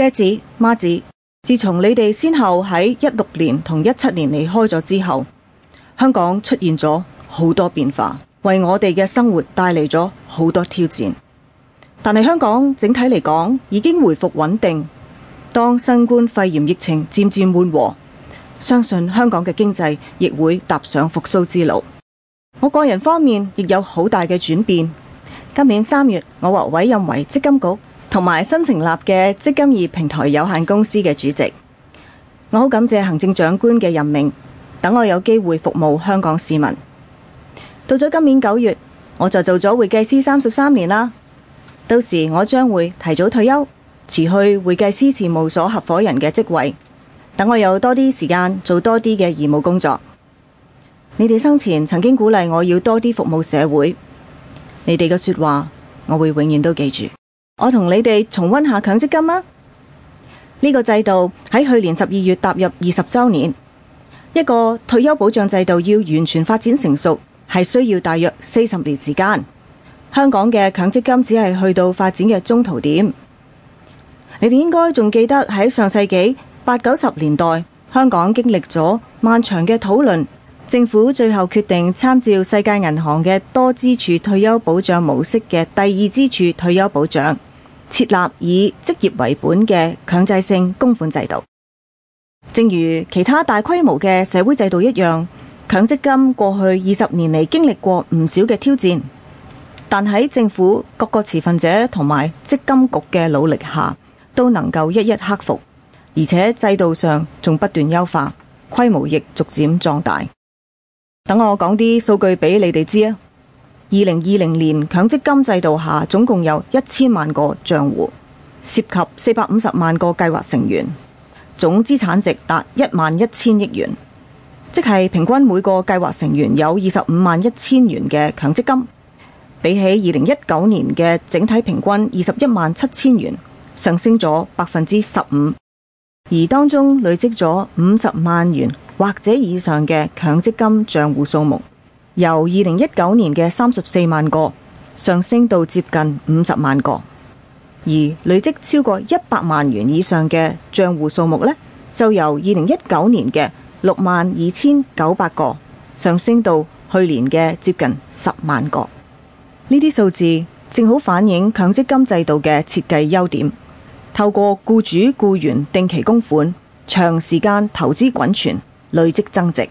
爹子媽子，自從你哋先後喺一六年同一七年離開咗之後，香港出現咗好多變化，為我哋嘅生活帶嚟咗好多挑戰。但係香港整體嚟講已經回復穩定，當新冠肺炎疫情漸漸緩和，相信香港嘅經濟亦會踏上復蘇之路。我個人方面亦有好大嘅轉變。今年三月，我獲委任為積金局，同埋新成立嘅積金易平台有限公司嘅主席，我好感謝行政長官嘅任命，等我有機會服務香港市民。到咗今年九月，我就做咗會計師三十三年啦。到時我將會提早退休，辭去會計師事務所合夥人嘅職位，等我有多啲時間做多啲嘅義務工作。你哋生前曾經鼓勵我要多啲服務社會，你哋嘅說話我會永遠都記住。我同你哋重溫下強積金啦，呢個制度喺去年十二月踏入二十週年。一個退休保障制度要完全發展成熟，係需要大約四十年時間。香港嘅強積金只係去到發展嘅中途點。你哋應該仲記得喺上世紀八九十年代，香港經歷咗漫長嘅討論，政府最後決定參照世界銀行嘅多支柱退休保障模式嘅第二支柱退休保障。設立以職業為本嘅強制性供款制度，正如其他大規模嘅社會制度一樣，強積金過去二十年嚟經歷過唔少嘅挑戰，但喺政府、各個持份者同埋積金局嘅努力下，都能夠一一克服，而且制度上仲不斷優化，規模亦逐漸壯大。等我講啲數據俾你哋知啊！二零二零年強積金制度下，總共有一千萬個賬戶，涉及四百五十萬個計劃成員，總資產值達一萬一千億元，即係平均每個計劃成員有二十五萬一千元嘅強積金，比起二零一九年嘅整體平均二十一萬七千元，上升咗百分之十五，而當中累積咗五十萬元或者以上嘅強積金賬戶數目，由二零一九年嘅三十四萬個上升到接近五十萬個，而累積超過一百萬元以上嘅賬戶數目呢，就由二零一九年嘅六萬二千九百個上升到去年嘅接近十萬個。呢啲數字正好反映強積金制度嘅設計優點，透過僱主僱員定期供款、長時間投資滾存、累積增值。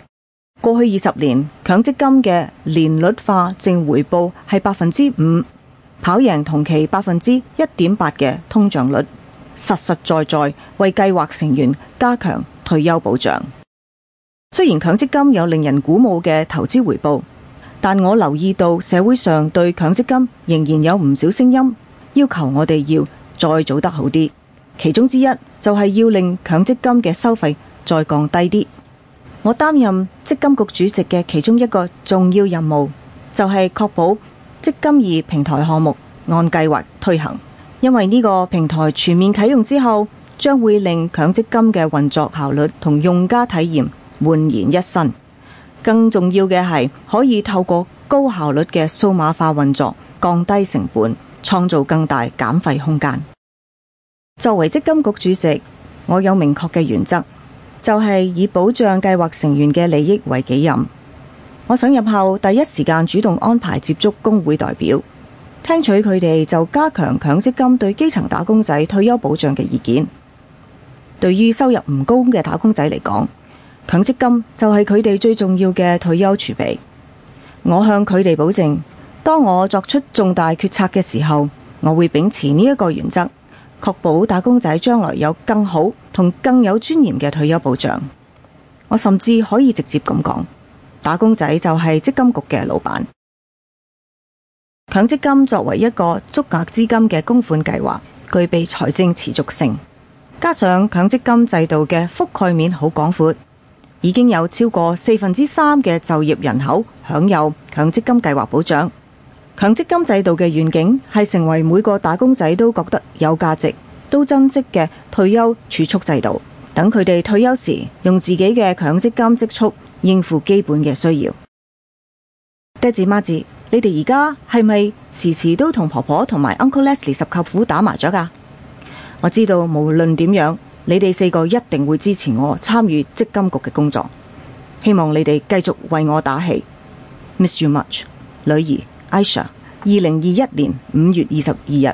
過去二十年，強積金嘅年率化淨回報係百分之五，跑贏同期百分之一點八嘅通脹率，實實在在為計劃成員加強退休保障。雖然強積金有令人鼓舞嘅投資回報，但我留意到社會上對強積金仍然有唔少聲音，要求我哋要再做得好啲。其中之一就係要令強積金嘅收費再降低啲。我擔任積金局主席嘅其中一個重要任務，就係、是、確保積金易平台項目按計劃推行。因為呢個平台全面啟用之後，將會令強積金嘅運作效率同用家體驗煥然一新。更重要嘅係，可以透過高效率嘅數碼化運作，降低成本，創造更大減費空間。作為積金局主席，我有明確嘅原則。就係以保障計劃成員嘅利益為己任。我上任後第一時間主動安排接觸工會代表，聽取佢哋就加強強積金對基層打工仔退休保障嘅意見。對於收入唔高嘅打工仔嚟講，強積金就係佢哋最重要嘅退休儲備。我向佢哋保證，當我作出重大決策嘅時候，我會秉持呢一個原則。確保打工仔將來有更好同更有尊嚴嘅退休保障，我甚至可以直接咁講，打工仔就係積金局嘅老闆。強積金作為一個足額資金嘅供款計劃，具備財政持續性，加上強積金制度嘅覆蓋面好廣闊，已經有超過四分之三嘅就業人口享有強積金計劃保障。強積金制度嘅願景係成為每個打工仔都覺得有價值、都珍惜嘅退休儲蓄制度，等佢哋退休時用自己嘅強積金積蓄應付基本嘅需要。爹哋媽咪，你哋而家係咪時時都同婆婆同埋 Uncle Leslie 十舅父打麻雀噶？我知道無論點樣，你哋四個一定會支持我參與積金局嘅工作，希望你哋繼續為我打氣。Miss you much，女兒。Aisha，二零二一年五月二十二日。